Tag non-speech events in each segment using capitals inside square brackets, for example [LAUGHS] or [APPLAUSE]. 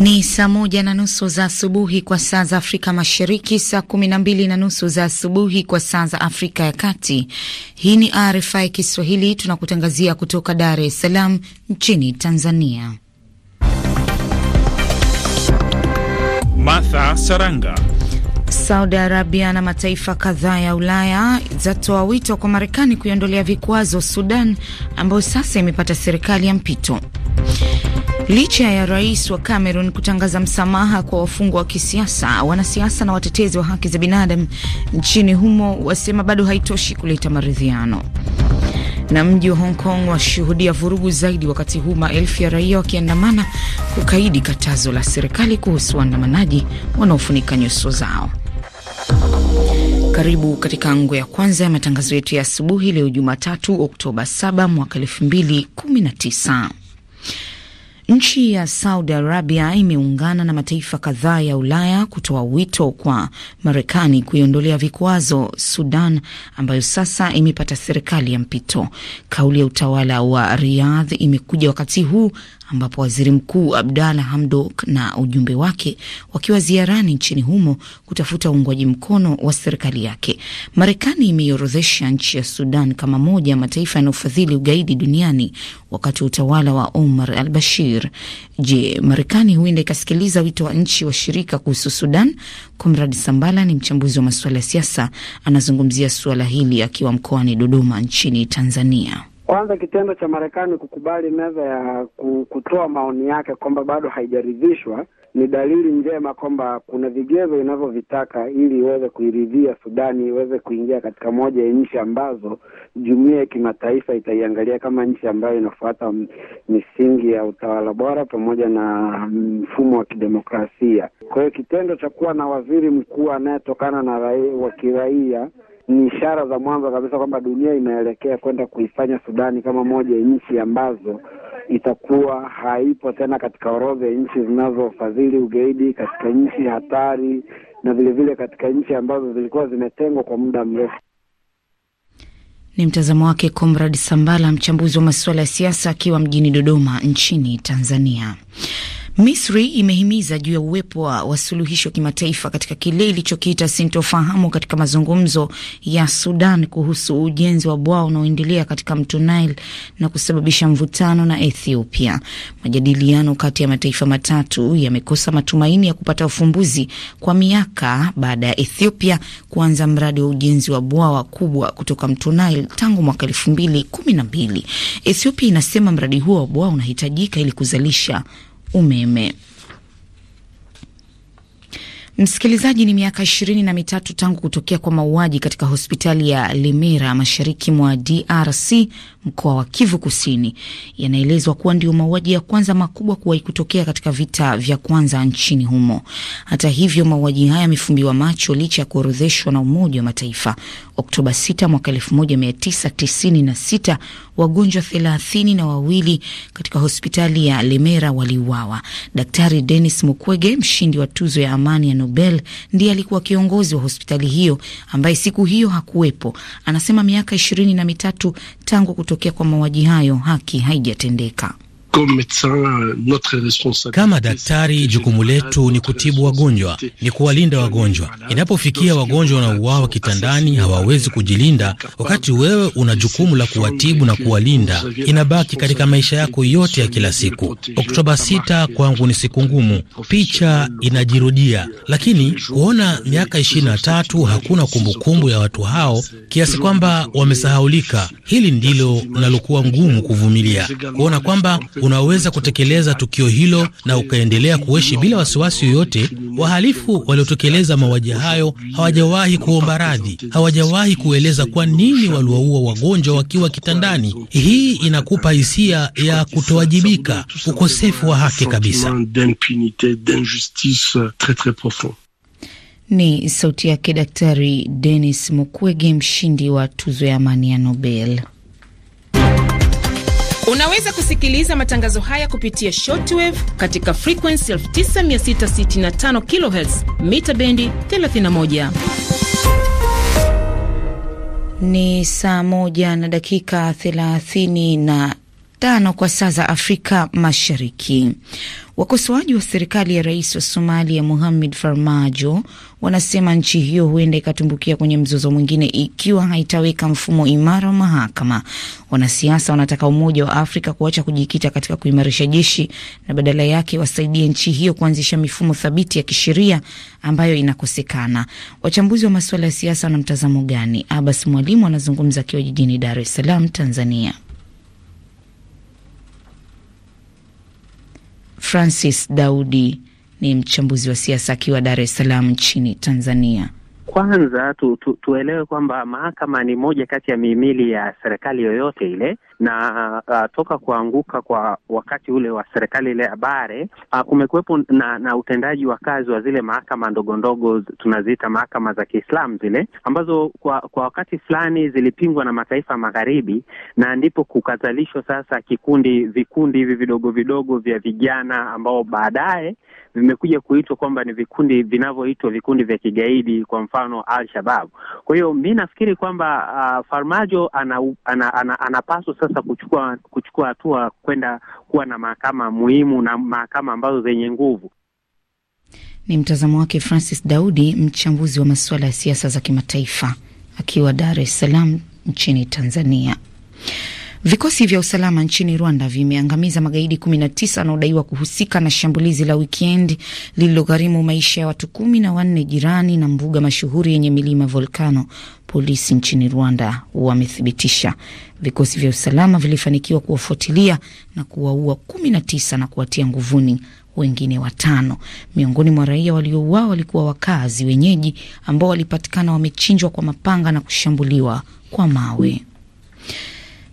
Ni saa moja na nusu za asubuhi kwa saa za Afrika Mashariki, saa kumi na mbili na nusu za asubuhi kwa saa za Afrika ya Kati. Hii ni RFI Kiswahili, tunakutangazia kutoka Dar es Salaam nchini Tanzania. Martha Saranga. Saudi Arabia na mataifa kadhaa ya Ulaya zatoa wito kwa Marekani kuiondolea vikwazo Sudan ambayo sasa imepata serikali ya mpito. Licha ya rais wa Cameroon kutangaza msamaha kwa wafungwa wa kisiasa, wanasiasa na watetezi wa haki za binadamu nchini humo wasema bado haitoshi kuleta maridhiano. Na mji wa Hong Kong washuhudia vurugu zaidi, wakati huu maelfu ya raia wakiandamana kukaidi katazo la serikali kuhusu waandamanaji wanaofunika nyuso zao. Karibu katika ngo ya kwanza ya matangazo yetu ya asubuhi leo Jumatatu, Oktoba 7 mwaka 2019. Nchi ya Saudi Arabia imeungana na mataifa kadhaa ya Ulaya kutoa wito kwa Marekani kuiondolea vikwazo Sudan ambayo sasa imepata serikali ya mpito. Kauli ya utawala wa Riyadh imekuja wakati huu ambapo waziri mkuu Abdalla Hamdok na ujumbe wake wakiwa ziarani nchini humo kutafuta uungwaji mkono wa serikali yake. Marekani imeiorodhesha nchi ya Sudan kama moja ya mataifa yanayofadhili ugaidi duniani wakati wa utawala wa Omar al Bashir. Je, Marekani huenda ikasikiliza wito wa nchi washirika kuhusu Sudan? Comrad Sambala ni mchambuzi wa masuala ya siasa, anazungumzia suala hili akiwa mkoani Dodoma nchini Tanzania. Kwanza kitendo cha Marekani kukubali meza ya kutoa maoni yake kwamba bado haijaridhishwa ni dalili njema kwamba kuna vigezo inavyovitaka ili iweze kuiridhia Sudani iweze kuingia katika moja ya nchi ambazo jumuiya ya kimataifa itaiangalia kama nchi ambayo inafuata misingi ya utawala bora pamoja na mfumo wa kidemokrasia. Kwa hiyo kitendo cha kuwa na waziri mkuu anayetokana na rai wa kiraia ni ishara za mwanzo kabisa kwamba dunia inaelekea kwenda kuifanya Sudani kama moja ya nchi ambazo itakuwa haipo tena katika orodha ya nchi zinazofadhili ugaidi, katika nchi hatari na vilevile vile katika nchi ambazo zilikuwa zimetengwa kwa muda mrefu. Ni mtazamo wake Comrade Sambala, mchambuzi wa masuala ya siasa, akiwa mjini Dodoma nchini Tanzania. Misri imehimiza juu ya uwepo wa suluhisho kimataifa katika kile ilichokiita sintofahamu katika mazungumzo ya Sudan kuhusu ujenzi wa bwawa unaoendelea katika mto Nile na kusababisha mvutano na Ethiopia. Majadiliano kati ya mataifa matatu yamekosa matumaini ya kupata ufumbuzi kwa miaka baada ya Ethiopia kuanza mradi wa ujenzi wa bwawa kubwa kutoka mto Nile tangu mwaka elfu mbili kumi na mbili. Ethiopia inasema mradi huo wa bwawa unahitajika ili kuzalisha umeme. Msikilizaji, ni miaka ishirini na mitatu tangu kutokea kwa mauaji katika hospitali ya Limera mashariki mwa DRC, mkoa wa Kivu Kusini. Yanaelezwa kuwa ndio mauaji ya kwanza makubwa kuwahi kutokea katika vita vya kwanza nchini humo. Hata hivyo, mauaji haya yamefumbiwa macho licha ya kuorodheshwa na Umoja wa Mataifa. Oktoba 6 mwaka 1996 wagonjwa thelathini na wawili katika hospitali ya Limera waliuawa. Daktari Denis Mukwege, mshindi wa tuzo ya amani ya Nobel ndiye alikuwa kiongozi wa hospitali hiyo ambaye siku hiyo hakuwepo. Anasema miaka ishirini na mitatu tangu kutokea kwa mauaji hayo, haki haijatendeka. Kama daktari, jukumu letu ni kutibu wagonjwa, ni kuwalinda wagonjwa. Inapofikia wagonjwa wanauawa kitandani, hawawezi kujilinda, wakati wewe una jukumu la kuwatibu na kuwalinda, inabaki katika maisha yako yote ya kila siku. Oktoba 6 kwangu ni siku ngumu, picha inajirudia, lakini kuona miaka ishirini na tatu hakuna kumbukumbu ya watu hao, kiasi kwamba wamesahaulika. Hili ndilo nalokuwa ngumu kuvumilia, kuona kwamba unaweza kutekeleza tukio hilo na ukaendelea kuishi bila wasiwasi yoyote. Wahalifu waliotekeleza mauaji hayo hawajawahi kuomba radhi, hawajawahi kueleza kwa nini waliwaua wagonjwa wakiwa kitandani. Hii inakupa hisia ya kutowajibika, ukosefu wa haki kabisa. Ni sauti yake Daktari Denis Mukwege, mshindi wa tuzo ya amani ya Nobel. Unaweza kusikiliza matangazo haya kupitia shortwave katika frequency 9665 kHz mita bendi 31. Ni saa moja na dakika thelathini na tano kwa saa za Afrika Mashariki. Wakosoaji wa serikali ya rais wa Somalia muhammed Farmajo wanasema nchi hiyo huenda ikatumbukia kwenye mzozo mwingine ikiwa haitaweka mfumo imara wa mahakama. Wanasiasa wanataka Umoja wa Afrika kuacha kujikita katika kuimarisha jeshi na badala yake wasaidie nchi hiyo kuanzisha mifumo thabiti ya kisheria ambayo inakosekana. Wachambuzi wa masuala ya siasa wana mtazamo gani? Abbas Mwalimu anazungumza akiwa jijini Dar es Salaam, Tanzania. Francis Daudi ni mchambuzi wa siasa akiwa Dar es Salaam nchini Tanzania. Kwanza tu, tu, tuelewe kwamba mahakama ni moja kati ya mihimili ya serikali yoyote ile, na uh, toka kuanguka kwa wakati ule wa serikali ile ya Bare uh, kumekuwepo na, na utendaji wa kazi wa zile mahakama ndogo ndogo tunaziita mahakama za Kiislamu zile ambazo kwa, kwa wakati fulani zilipingwa na mataifa magharibi, na ndipo kukazalishwa sasa kikundi vikundi hivi vidogo vidogo vya vijana ambao baadaye vimekuja kuitwa kwamba ni vikundi vinavyoitwa vikundi vya kigaidi, kwa mfano Al Shabab. Kwa hiyo mi nafikiri kwamba uh, Farmajo anapaswa ana, ana, ana, ana sasa kuchukua kuchukua hatua kwenda kuwa na mahakama muhimu na mahakama ambazo zenye nguvu. Ni mtazamo wake Francis Daudi, mchambuzi wa masuala ya siasa za kimataifa akiwa Dar es Salaam nchini Tanzania. Vikosi vya usalama nchini Rwanda vimeangamiza magaidi 19 wanaodaiwa kuhusika na shambulizi la wikendi lililogharimu maisha ya watu kumi na wanne jirani na mbuga mashuhuri yenye milima volkano polisi nchini Rwanda wamethibitisha. Vikosi vya usalama vilifanikiwa kuwafuatilia na kuwaua kumi na tisa na kuwatia nguvuni wengine watano. Miongoni mwa raia waliouawa walikuwa wakazi wenyeji ambao walipatikana wamechinjwa kwa mapanga na kushambuliwa kwa mawe.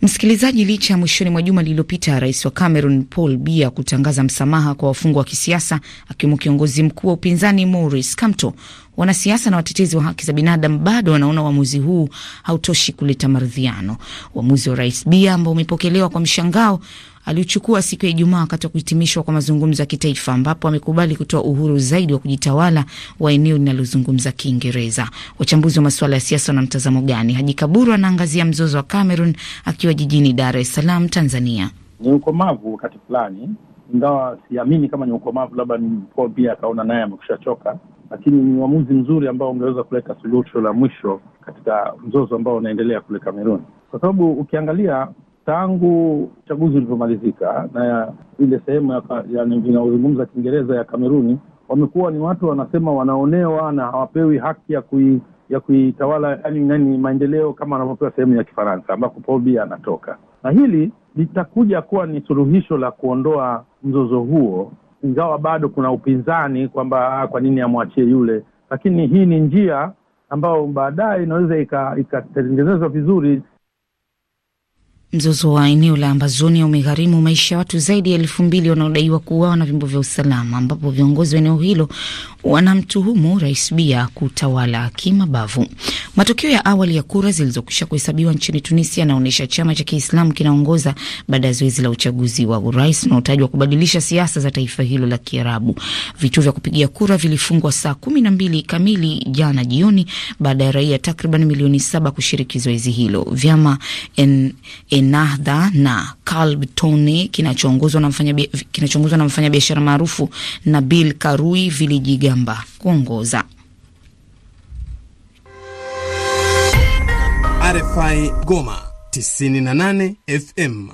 Msikilizaji, licha ya mwishoni mwa juma lililopita rais wa Cameroon Paul Biya kutangaza msamaha kwa wafungwa wa kisiasa akiwemo kiongozi mkuu wa upinzani Maurice Kamto, Wanasiasa na watetezi wa haki za binadamu bado wanaona uamuzi huu hautoshi kuleta maridhiano. Uamuzi wa Rais Bia ambao umepokelewa kwa mshangao aliuchukua siku ya Ijumaa wakati wa kuhitimishwa kwa mazungumzo ya kitaifa ambapo amekubali kutoa uhuru zaidi wa kujitawala wa eneo linalozungumza Kiingereza. Wachambuzi wa masuala ya siasa wana mtazamo gani? Haji Kaburu anaangazia mzozo wa Cameroon akiwa jijini Dar es Salaam, Tanzania. Ni ukomavu wakati fulani, ingawa siamini kama ni ukomavu, labda ni Paul Biya akaona naye amekusha choka lakini ni uamuzi mzuri ambao ungeweza kuleta suluhisho la mwisho katika mzozo ambao unaendelea kule Kameruni, kwa sababu ukiangalia tangu uchaguzi ulivyomalizika na ile sehemu inayozungumza Kiingereza ya Kameruni, wamekuwa ni watu wanasema wanaonewa na hawapewi haki ya kui ya kuitawala yani nani maendeleo kama anavyopewa sehemu ya Kifaransa ambako Paul Biya anatoka, na hili litakuja kuwa ni suluhisho la kuondoa mzozo huo ingawa bado kuna upinzani kwamba ah, kwa nini amwachie yule, lakini hii ni njia ambayo baadaye inaweza ikatengenezwa ika vizuri Mzozo wa eneo la Ambazonia umegharimu maisha ya watu zaidi ya elfu mbili wanaodaiwa kuuawa na vyombo vya usalama, ambapo viongozi wa eneo hilo wanamtuhumu Rais Bia kutawala kimabavu. Matokeo ya awali ya kura zilizokwisha kuhesabiwa nchini Tunisia yanaonyesha chama cha Kiislamu kinaongoza baada ya zoezi la uchaguzi wa urais unaotajwa kubadilisha siasa za taifa hilo la Kiarabu. Vituo vya kupigia kura vilifungwa saa kumi na mbili kamili jana jioni baada ya raia takriban milioni saba kushiriki zoezi hilo. Vyama en, en Enadha na Kalb Tony kinachoongozwa na mfanyabiashara kinachoongozwa na mfanyabiashara maarufu Nabil Karui vilijigamba kuongoza. RFI Goma 98 FM.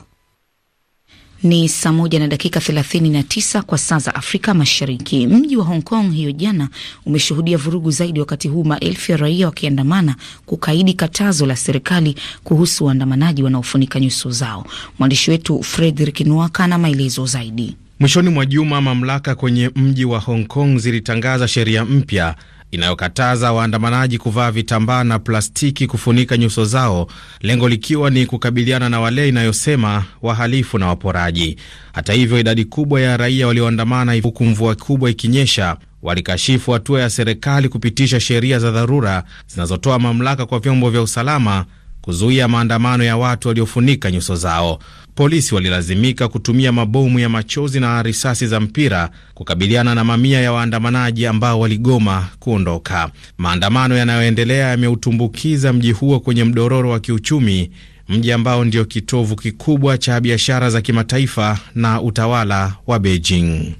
Ni saa moja na dakika 39 kwa saa za Afrika Mashariki. Mji wa Hong Kong hiyo jana umeshuhudia vurugu zaidi, wakati huu maelfu ya raia wakiandamana kukaidi katazo la serikali kuhusu waandamanaji wanaofunika nyuso zao. Mwandishi wetu Fredrik Nwaka ana maelezo zaidi. Mwishoni mwa juma mamlaka kwenye mji wa Hong Kong zilitangaza sheria mpya inayokataza waandamanaji kuvaa vitambaa na plastiki kufunika nyuso zao, lengo likiwa ni kukabiliana na wale inayosema wahalifu na waporaji. Hata hivyo, idadi kubwa ya raia walioandamana, huku mvua kubwa ikinyesha, walikashifu hatua ya serikali kupitisha sheria za dharura zinazotoa mamlaka kwa vyombo vya usalama kuzuia maandamano ya watu waliofunika nyuso zao. Polisi walilazimika kutumia mabomu ya machozi na risasi za mpira kukabiliana na mamia ya waandamanaji ambao waligoma kuondoka. Maandamano yanayoendelea yameutumbukiza mji huo kwenye mdororo wa kiuchumi, mji ambao ndio kitovu kikubwa cha biashara za kimataifa na utawala wa Beijing.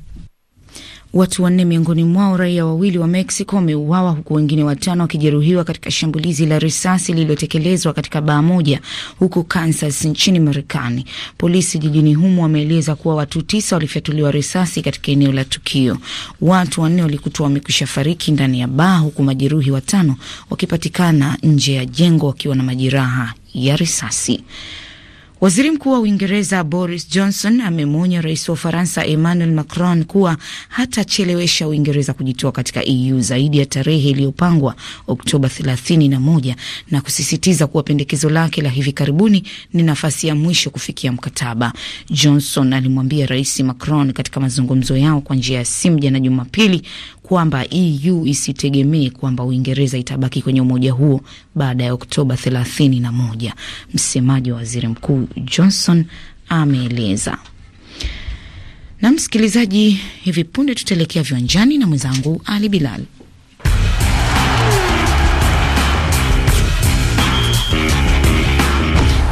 Watu wanne miongoni mwao raia wawili wa Mexico wameuawa huku wengine watano wakijeruhiwa katika shambulizi la risasi lililotekelezwa katika baa moja huko Kansas nchini Marekani. Polisi jijini humo wameeleza kuwa watu tisa walifyatuliwa risasi katika eneo la tukio. Watu wanne walikutwa wamekwisha fariki ndani ya baa huku majeruhi watano wakipatikana nje ya jengo wakiwa na majeraha ya risasi. Waziri Mkuu wa Uingereza Boris Johnson amemwonya rais wa Ufaransa Emmanuel Macron kuwa hatachelewesha Uingereza kujitoa katika EU zaidi ya tarehe iliyopangwa Oktoba 31 na kusisitiza kuwa pendekezo lake la hivi karibuni ni nafasi ya mwisho kufikia mkataba. Johnson alimwambia rais Macron katika mazungumzo yao kwa njia ya simu jana Jumapili kwamba EU isitegemee kwamba Uingereza itabaki kwenye umoja huo baada ya Oktoba 31. Msemaji wa waziri mkuu Johnson ameeleza. Na msikilizaji, hivi punde tutaelekea viwanjani na mwenzangu Ali Bilal.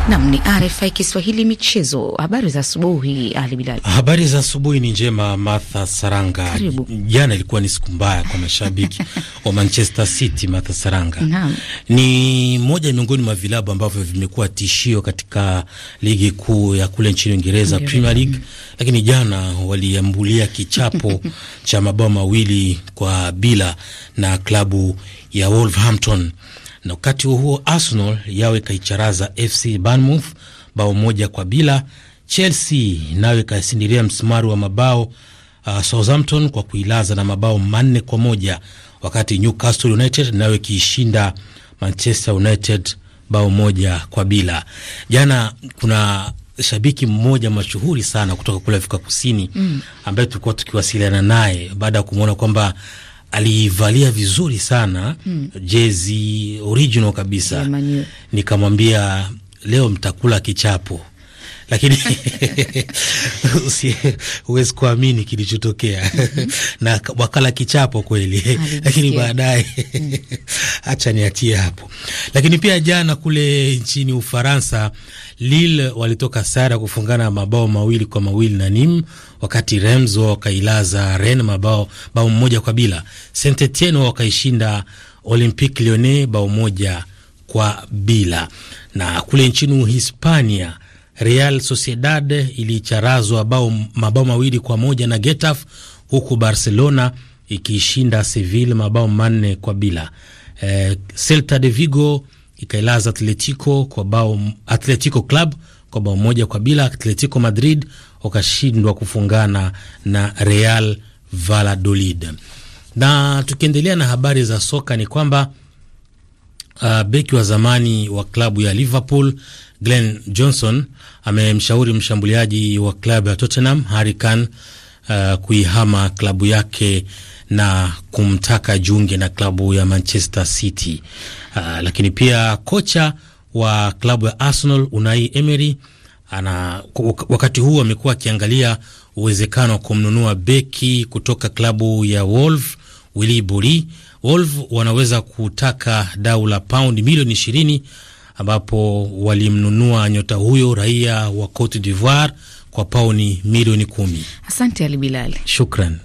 Nam ni RFI Kiswahili michezo. Habari za asubuhi Ali Bilali. Habari za asubuhi ni njema, Martha Saranga. Karibu. Jana ilikuwa ni siku mbaya kwa mashabiki [LAUGHS] wa Manchester City. Martha Saranga, naam, ni moja miongoni mwa vilabu ambavyo vimekuwa tishio katika ligi kuu ya kule nchini Uingereza, Premier League, lakini jana waliambulia kichapo [LAUGHS] cha mabao mawili kwa bila na klabu ya Wolverhampton na wakati huo huo Arsenal yawe ikaicharaza FC Bournemouth bao moja kwa bila. Chelsea nayo ikasindiria msumari wa mabao uh, Southampton kwa kuilaza na mabao manne kwa moja, wakati Newcastle United nayo ikiishinda Manchester United bao moja kwa bila. Jana kuna shabiki mmoja mashuhuri sana kutoka kule Afrika Kusini mm, ambaye tulikuwa tukiwasiliana naye baada ya kumwona kwamba aliivalia vizuri sana mm. jezi original kabisa yeah, nikamwambia leo mtakula kichapo lakini [LAUGHS] huwezi kuamini kilichotokea mm-hmm. [LAUGHS] na wakala kichapo kweli lakini baadaye hacha hmm. [LAUGHS] niachie hapo. Lakini pia jana kule nchini Ufaransa, Lille walitoka sara kufungana mabao mawili kwa mawili na nim wakati rems wakailaza ren mabao bao mmoja kwa bila. Saint Etienne wakaishinda Olympique Lyonnais bao moja kwa bila. Na kule nchini hispania Real Sociedad ilicharazwa bao mabao mawili kwa moja na Getafe huku Barcelona ikiishinda Seville mabao manne kwa bila. Eh, Celta de Vigo ikailaza Atletico kwa bao Atletico Club kwa bao moja kwa bila. Atletico Madrid wakashindwa kufungana na Real Valladolid. Na tukiendelea na habari za soka ni kwamba uh, beki wa zamani wa klabu ya Liverpool Glenn Johnson amemshauri mshambuliaji wa klabu ya Tottenham Harry Kane uh, kuihama klabu yake na kumtaka jiunge na klabu ya Manchester City. Uh, lakini pia kocha wa klabu ya Arsenal Unai Emery ana wakati huu amekuwa akiangalia uwezekano wa kumnunua beki kutoka klabu ya Wolf Willy Bury. Wolf wanaweza kutaka dau la paundi milioni 20 ambapo walimnunua nyota huyo raia wa Cote d'Ivoire kwa pauni milioni kumi. Asante Ali Bilali, shukran.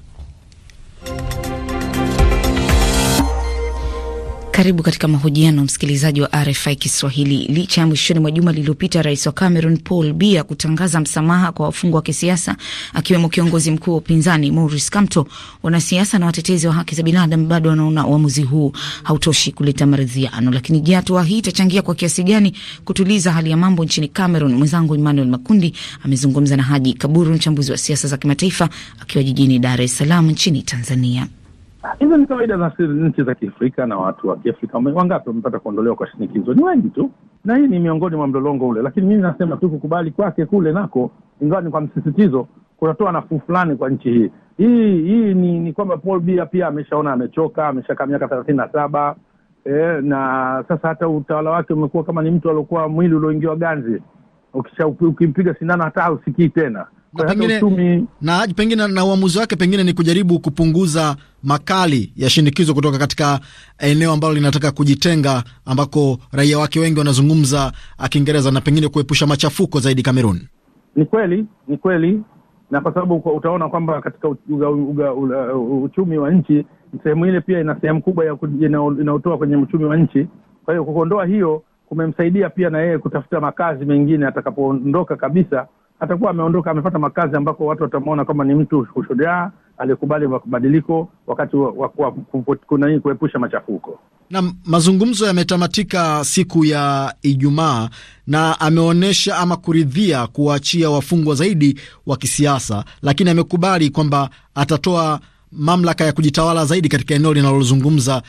Karibu katika mahojiano msikilizaji wa RFI Kiswahili. Licha ya mwishoni mwa juma lililopita rais wa Cameroon Paul Biya kutangaza msamaha kwa wafungwa wa kisiasa akiwemo kiongozi mkuu wa upinzani Maurice Kamto, wanasiasa na watetezi wa haki za binadamu bado wanaona uamuzi huu hautoshi kuleta maridhiano. Lakini je, hatua hii itachangia kwa kiasi gani kutuliza hali ya mambo nchini Cameroon? Mwenzangu Emmanuel Makundi amezungumza na Haji Kaburu, mchambuzi wa siasa za kimataifa, akiwa jijini Dar es Salaam nchini Tanzania hizo ni kawaida za nchi za Kiafrika na watu wa Kiafrika wangapi wamepata kuondolewa kwa shinikizo? Ni wengi tu, na hii ni miongoni mwa mlolongo ule, lakini mimi nasema tu kukubali kwake kule nako, ingawa ni kwa msisitizo, kunatoa nafuu fulani kwa nchi hii. Hii hii ni, ni kwamba Paul Bia pia ameshaona amechoka, ameshakaa miaka thelathini na saba eh, na sasa hata utawala wake umekuwa kama ni mtu aliokuwa mwili ulioingiwa ganzi, ukimpiga sindano hata hausikii tena na yaani pengine, utumi... na, pengine na uamuzi wake pengine ni kujaribu kupunguza makali ya shinikizo kutoka katika eneo ambalo linataka kujitenga ambako raia wake wengi wanazungumza ah, Kiingereza na pengine kuepusha machafuko zaidi Kamerun. Ni kweli, ni kweli, na kwa sababu utaona kwamba katika uga, uga, uga, uchumi wa nchi sehemu ile pia ina sehemu kubwa ya inayotoa kwenye uchumi wa nchi. Kwa hiyo kuondoa hiyo kumemsaidia pia na yeye kutafuta makazi mengine atakapoondoka kabisa atakuwa ameondoka amepata makazi ambako watu watamwona kama ni mtu ushujaa aliyekubali mabadiliko wakati wa kuepusha machafuko. Na mazungumzo yametamatika siku ya Ijumaa na ameonyesha ama kuridhia kuwaachia wafungwa zaidi wa kisiasa, lakini amekubali kwamba atatoa mamlaka ya kujitawala zaidi katika eneo linalozungumza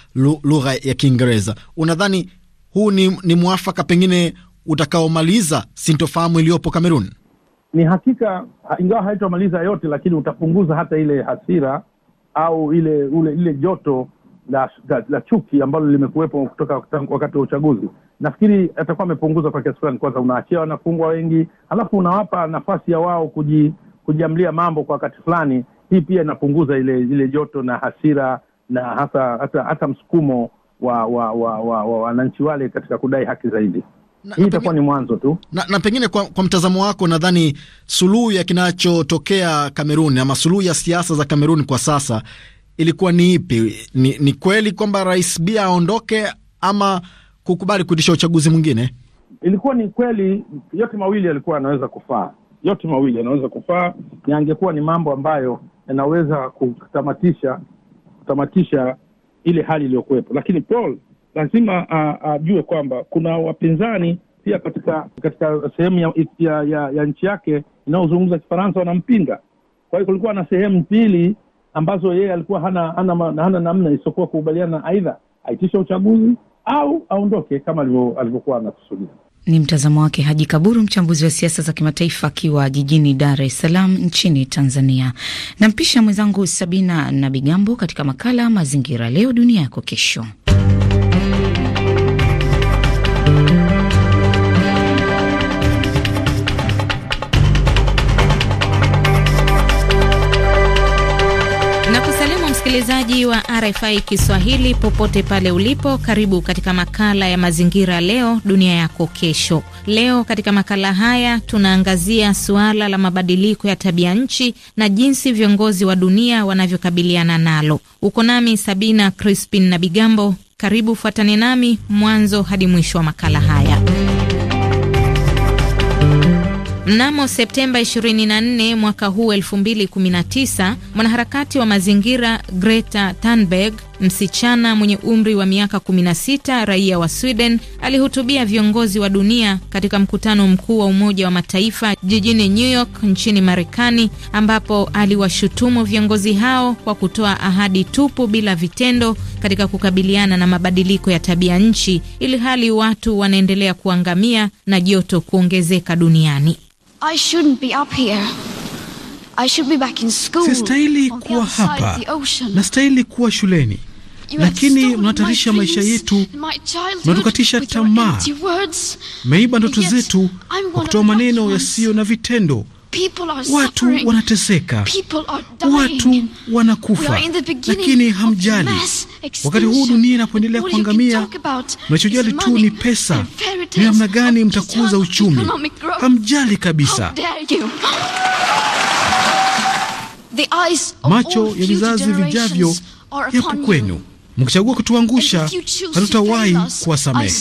lugha ya Kiingereza. Unadhani huu ni, ni mwafaka pengine utakaomaliza sintofahamu iliyopo Kamerun? ni hakika, ingawa haitomaliza yote, lakini utapunguza hata ile hasira au ile ule ile joto la, la, la chuki ambalo limekuwepo kutoka wakati wa uchaguzi. Nafikiri atakuwa amepunguza kwa kiasi fulani. Kwanza unaachia wanafungwa wengi, alafu unawapa nafasi ya wao kuji, kujiamlia mambo kwa wakati fulani. Hii pia inapunguza ile ile joto na hasira na hasa hata, hata msukumo wa wananchi wa, wa, wa, wa, wale katika kudai haki zaidi na, hii itakuwa ni mwanzo tu na, na pengine kwa, kwa mtazamo wako nadhani suluhu ya kinachotokea Kameruni ama suluhu ya siasa za Kameruni kwa sasa ilikuwa ni ipi? Ni, ni kweli kwamba Rais Bia aondoke ama kukubali kuitisha uchaguzi mwingine? Ilikuwa ni kweli, yote mawili yalikuwa yanaweza kufaa, yote mawili yanaweza kufaa, yangekuwa ni mambo ambayo yanaweza kutamatisha kutamatisha ile hali iliyokuwepo, lakini Paul lazima ajue kwamba kuna wapinzani pia katika katika sehemu ya, ya, ya, ya nchi yake inayozungumza Kifaransa wanampinga. Kwa hiyo kulikuwa na sehemu mbili ambazo yeye alikuwa hana hana, hana namna isiokuwa kukubaliana, aidha aitishe uchaguzi au aondoke kama alivyokuwa anakusudia. Ni mtazamo wake Haji Kaburu, mchambuzi wa siasa za kimataifa akiwa jijini Dar es Salaam nchini Tanzania. Nampisha mwenzangu Sabina na Bigambo katika makala Mazingira Leo Dunia Yako Kesho. msikilizaji wa RFI Kiswahili popote pale ulipo, karibu katika makala ya mazingira leo dunia yako kesho. Leo katika makala haya tunaangazia suala la mabadiliko ya tabia nchi na jinsi viongozi wa dunia wanavyokabiliana nalo. Uko nami Sabina Crispin na Bigambo, karibu fuatane nami mwanzo hadi mwisho wa makala haya. Mnamo Septemba 24 mwaka huu 2019, mwanaharakati wa mazingira Greta Thunberg, msichana mwenye umri wa miaka 16, raia wa Sweden, alihutubia viongozi wa dunia katika mkutano mkuu wa Umoja wa Mataifa jijini New York nchini Marekani, ambapo aliwashutumu viongozi hao kwa kutoa ahadi tupu bila vitendo katika kukabiliana na mabadiliko ya tabia nchi, ili hali watu wanaendelea kuangamia na joto kuongezeka duniani. I shouldn't be up here. I should be back in school. Sistahili kuwa hapa. stahili kuwa shuleni. lakini mnahatarisha maisha yetu, mnatukatisha tamaa, meiba ndoto zetu kwa kutoa maneno yasiyo na vitendo. Watu wanateseka, watu wanakufa, lakini hamjali. Wakati huu dunia inapoendelea kuangamia, mnachojali tu ni pesa, ni namna gani mtakuza uchumi. Hamjali kabisa. [LAUGHS] Macho ya vizazi vijavyo yapo kwenu. Mkichagua kutuangusha, hatutawahi kuwasamehe.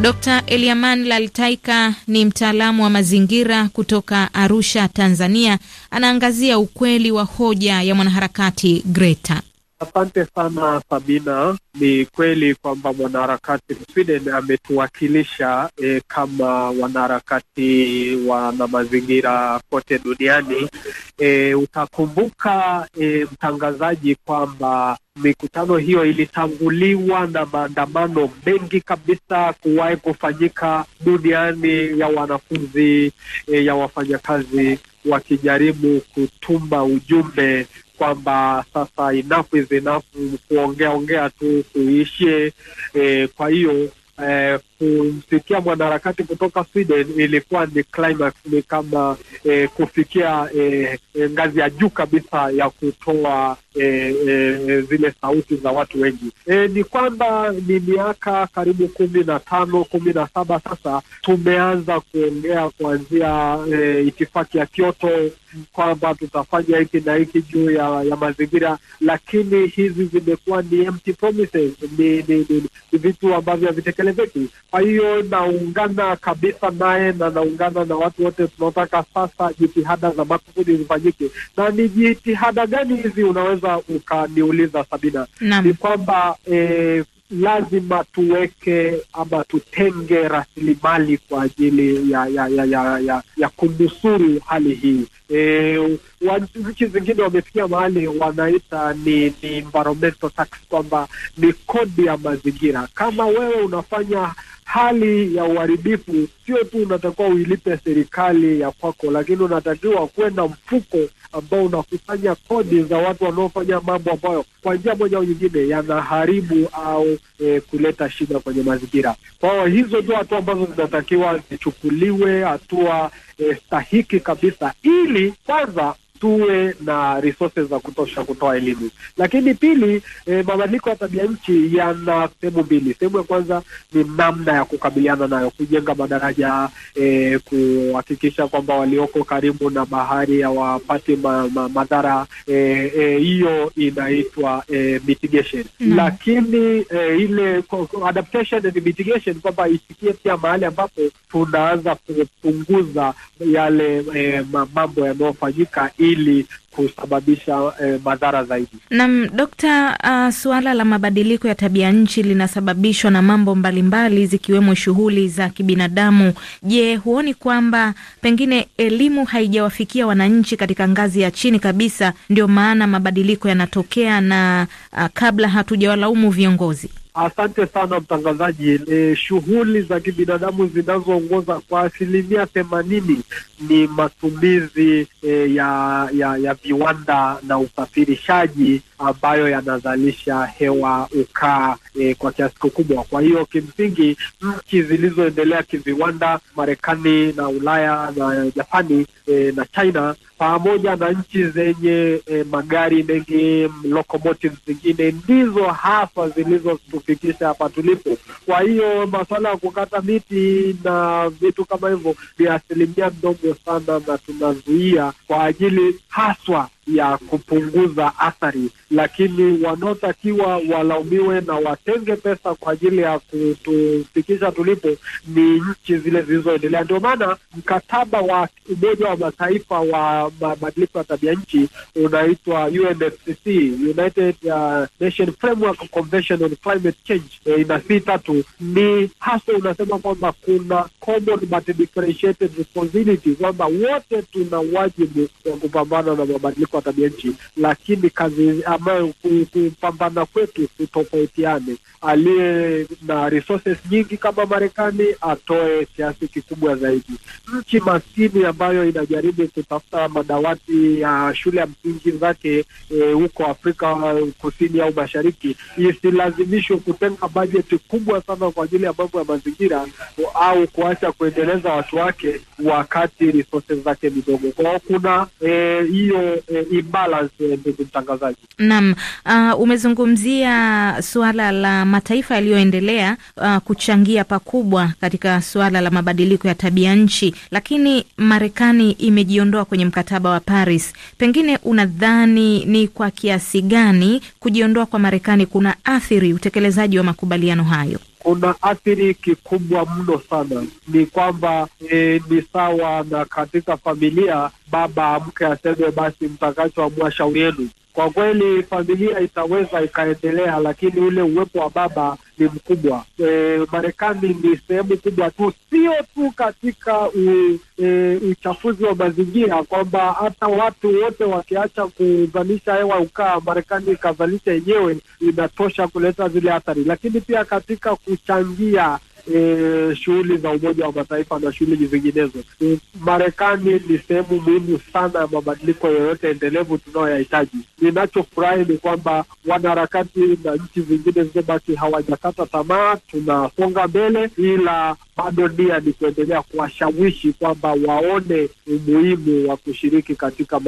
Dr. Eliaman Laltaika ni mtaalamu wa mazingira kutoka Arusha, Tanzania. Anaangazia ukweli wa hoja ya mwanaharakati Greta. Asante sana Sabina, ni kweli kwamba mwanaharakati swden ametuwakilisha e, kama wanaharakati wana mazingira kote duniani. E, utakumbuka e, mtangazaji kwamba mikutano hiyo ilitanguliwa na maandamano mengi kabisa kuwahi kufanyika duniani ya wanafunzi e, ya wafanyakazi wakijaribu kutuma ujumbe kwamba sasa enough is enough, kuongea ongea tu kuishie. E, kwa hiyo e, kumfikia mwanaharakati kutoka Sweden ilikuwa ni climax, ni kama e, kufikia e, e ngazi ya juu kabisa ya kutoa e, e, zile sauti za watu wengi e, ni kwamba ni miaka karibu kumi na tano kumi na saba sasa tumeanza kuongea kuanzia e, itifaki ya Kyoto kwamba tutafanya hiki na hiki juu ya, ya mazingira, lakini hizi zimekuwa ni empty promises, ni, ni, ni, ni vitu ambavyo havitekelezeki. Kwa hiyo naungana kabisa naye na naungana na watu wote tunaotaka sasa jitihada za makusudi zifanyike. Na ni jitihada gani hizi unaweza unaweza ukaniuliza Sabina, ni kwamba eh, lazima tuweke ama tutenge rasilimali kwa ajili ya ya ya ya, ya, ya kunusuru hali hii. E, nchi zingine wamefikia mahali wanaita ni, ni environmental tax kwamba ni kodi ya mazingira. Kama wewe unafanya hali ya uharibifu, sio tu unatakiwa uilipe serikali ya kwako, lakini unatakiwa kuwe na mfuko ambao unakusanya kodi za watu wanaofanya mambo ambayo kwa njia moja au nyingine yanaharibu au e, kuleta shida kwenye mazingira. Kwa hiyo hizo ndio hatua ambazo zinatakiwa zichukuliwe hatua e, stahiki kabisa, ili kwanza tuwe na resources za kutosha kutoa elimu. Lakini pili, e, mabadiliko ya tabia nchi yana sehemu mbili. Sehemu ya kwanza ni namna ya kukabiliana nayo, kujenga madaraja e, kuhakikisha kwamba walioko karibu na bahari hawapati ma, ma, madhara eh, hiyo e, e, inaitwa e, mitigation mm. Lakini e, ile adaptation and mitigation kwamba isikie pia mahali ambapo tunaanza kupunguza yale e, mambo yanayofanyika ili kusababisha eh, madhara zaidi. Naam, Dokta, uh, suala la mabadiliko ya tabia nchi linasababishwa na mambo mbalimbali zikiwemo shughuli za kibinadamu. Je, huoni kwamba pengine elimu haijawafikia wananchi katika ngazi ya chini kabisa, ndio maana mabadiliko yanatokea na uh, kabla hatujawalaumu viongozi? Asante sana mtangazaji. E, shughuli za kibinadamu zinazoongoza kwa asilimia themanini ni matumizi e, ya, ya, ya viwanda na usafirishaji ambayo yanazalisha hewa ukaa e, kwa kiasi kikubwa. Kwa hiyo kimsingi, nchi zilizoendelea kiviwanda, Marekani na Ulaya na Japani e, na China pamoja na nchi zenye e, magari mengi locomotives zingine ndizo hasa zilizotufikisha hapa tulipo. Kwa hiyo masuala ya kukata miti na vitu kama hivyo ni asilimia ndogo sana, na tunazuia kwa ajili haswa ya kupunguza athari, lakini wanaotakiwa walaumiwe na watenge pesa kwa ajili ya kutufikisha tulipo ni nchi zile zilizoendelea. Ndio maana mkataba wa Umoja wa Mataifa wa mabadiliko ya tabia nchi unaitwa UNFCCC, United uh, Framework Convention on Climate Change e, ina tatu ni hasa unasema kwamba kuna common but differentiated responsibility, kwamba wote tuna wajibu wa kupambana na mabadiliko kwa tabia nchi, lakini kazi ambayo kupambana kwetu kutofautiane. Aliye na resources nyingi kama Marekani atoe kiasi kikubwa zaidi. Nchi maskini ambayo inajaribu kutafuta madawati ya shule ya msingi zake e, huko e, Afrika Kusini au Mashariki isilazimishwe kutenga bajeti kubwa sana kwa ajili ya mambo ya mazingira au kuacha kuendeleza watu wake wakati resources zake ni dogo kwao. Kuna e, hiyo e, ibalance ndugu mtangazaji. Naam, uh, umezungumzia suala la mataifa yaliyoendelea uh, kuchangia pakubwa katika suala la mabadiliko ya tabia nchi, lakini Marekani imejiondoa kwenye mkataba wa Paris. Pengine unadhani ni kwa kiasi gani kujiondoa kwa Marekani kuna athiri utekelezaji wa makubaliano hayo? una athiri kikubwa mno sana. Ni kwamba e, ni sawa na katika familia baba amke aseme basi, mtakachoamua shauri yenu. Kwa kweli familia itaweza ikaendelea, lakini ule uwepo wa baba ni mkubwa. E, Marekani ni sehemu kubwa tu, sio tu katika u, e, uchafuzi wa mazingira, kwamba hata watu wote wakiacha kuzalisha hewa ukaa, Marekani ikazalisha yenyewe, inatosha kuleta zile athari, lakini pia katika kuchangia e, shughuli za Umoja wa Mataifa na shughuli zinginezo. Marekani ni sehemu muhimu sana ya mabadiliko yoyote endelevu tunayoyahitaji. Ninachofurahi ni kwamba wanaharakati na nchi zingine zilizobaki hawajakata tamaa, tunasonga mbele, ila bado nia ni kuendelea kuwashawishi kwamba waone umuhimu wa kushiriki katika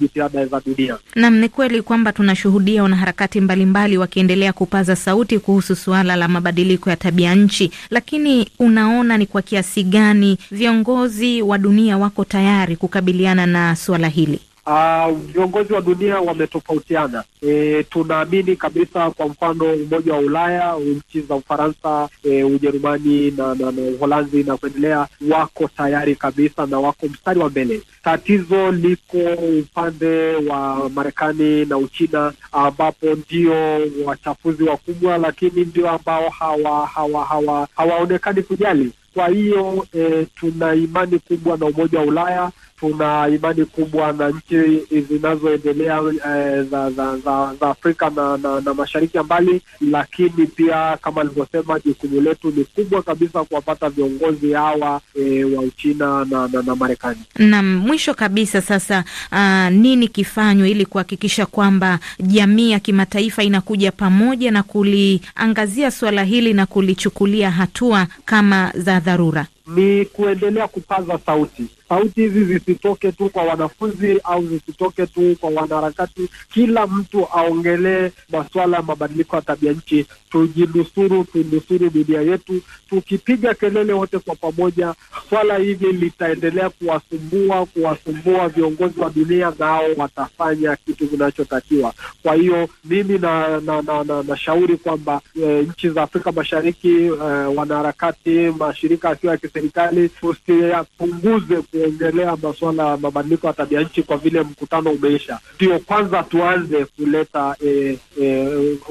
jitihada za dunia. Naam, ni kweli kwamba tunashuhudia wanaharakati mbalimbali wakiendelea kupaza sauti kuhusu suala la mabadiliko ya tabia nchi, lakini unaona ni kwa kiasi gani viongozi wa dunia wako tayari kukabiliana na suala hili? Ah, viongozi uh, wa dunia wametofautiana. E, tunaamini kabisa, kwa mfano umoja wa Ulaya, nchi za Ufaransa, e, Ujerumani na, na, na Uholanzi na kuendelea wako tayari kabisa na wako mstari wa mbele. Tatizo liko upande wa Marekani na Uchina, ambapo ndio wachafuzi wakubwa, lakini ndio ambao hawa hawaonekani hawa, hawa kujali. Kwa hiyo e, tuna imani kubwa na umoja wa Ulaya tuna imani kubwa na nchi zinazoendelea eh, za, za, za, za Afrika na, na, na mashariki ya mbali, lakini pia kama alivyosema, jukumu letu ni kubwa kabisa kuwapata viongozi hawa e, wa Uchina na, na, na Marekani. Naam, mwisho kabisa sasa, uh, nini kifanywe ili kuhakikisha kwamba jamii ya kimataifa inakuja pamoja na kuliangazia suala hili na kulichukulia hatua kama za dharura? Ni kuendelea kupaza sauti sauti hizi zisitoke tu kwa wanafunzi au zisitoke tu kwa wanaharakati. Kila mtu aongelee masuala ya mabadiliko ya tabia nchi, tujinusuru, tunusuru dunia yetu. Tukipiga kelele wote kwa pamoja, swala hili litaendelea kuwasumbua kuwasumbua viongozi wa dunia, nao watafanya kitu kinachotakiwa. Kwa hiyo mimi na, na, na, na, nashauri kwamba e, nchi za Afrika Mashariki e, wanaharakati, mashirika yasiyo ya kiserikali tusiyapunguze kuongelea masuala ya mabadiliko ya tabia nchi, kwa vile mkutano umeisha. Ndio kwanza tuanze kuleta e, e,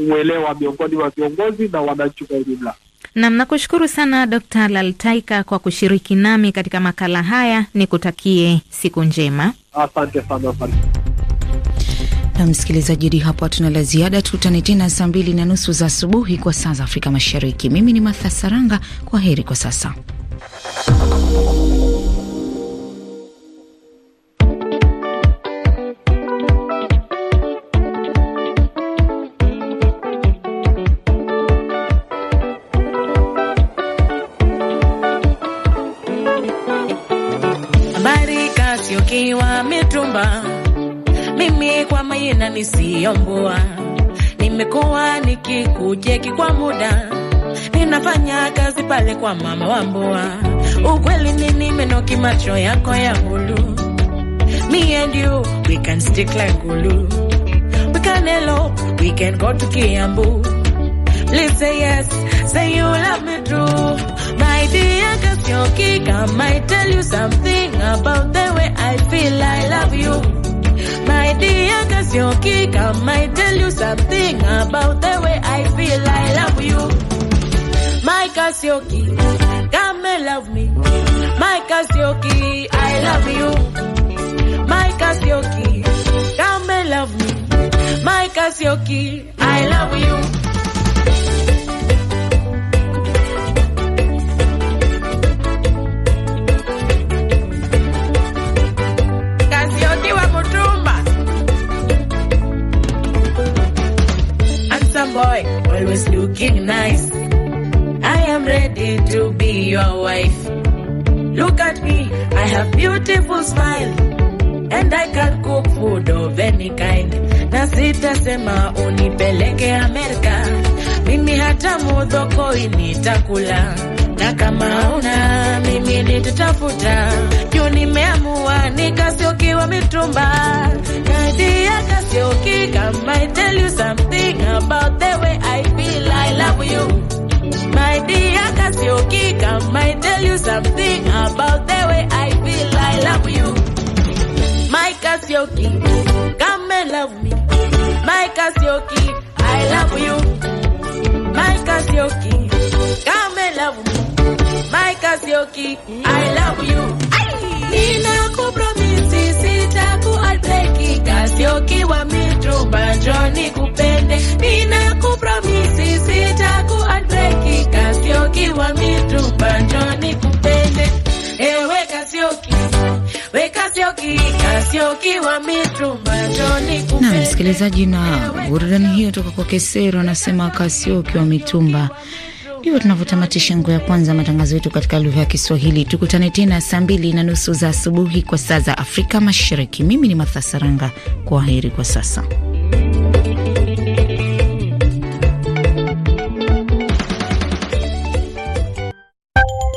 uelewa miongoni mwa viongozi na wananchi kwa ujumla. Nam, nakushukuru sana Dkt. Laltaika kwa kushiriki nami katika makala haya, nikutakie siku njema. Asante sana, asante na msikilizaji, hadi hapo hatuna la ziada. Tukutane tena saa mbili na nusu za asubuhi kwa saa za Afrika Mashariki. Mimi ni Martha Saranga, kwa heri kwa sasa. ukiwa mitumba, mimi kwa maina nisiombua, nimekuwa nikikujeki kwa muda, ninafanya kazi pale kwa mama wa wamboa. Ukweli ni nimenoki macho yako ya hulu, me and you we can stick like glue, we can hello we can go to Kiambu, please say yes say you love me true my dear girl. your kick, I might tell you something about the way I feel I love you. My dear, cause your kick, I might tell you something about the way I feel I love you. My Cassioki, come and love me. My Cassioki, I love you. My Cassioki, come and love me. My Cassioki, I love you. boy, always looking nice. I am ready to be your wife. Look at me, I have beautiful smile. And I can cook food of any kind. Na sita sema unipeleke Amerika. Mimi hata modhoko nitakula. Na kama una mimi nitatafuta. Juu nimeamua nikasiokiwa mitumba. Kadi ya kasi. your kick. I might tell you something about the way I feel. I love you. My dear, cause your I tell you something about the way I feel. I love you. My Cassioki, come and love me. My Cassioki, I love you. My Cassioki, come and love me. My Cassioki, I love you. Nina promise sitakuwa nicheki mitru banjo nina kupromisi mitru banjo ewe eh, kasioki na msikilizaji na eh, burudani hiyo toka kwa Kesero anasema Kasioki wa Mitumba. Ndivyo tunavyotamatisha nguo ya kwanza matangazo yetu katika lugha ya Kiswahili. Tukutane tena saa mbili na nusu za asubuhi kwa saa za Afrika Mashariki. Mimi ni Mathasaranga, kwa heri kwa sasa.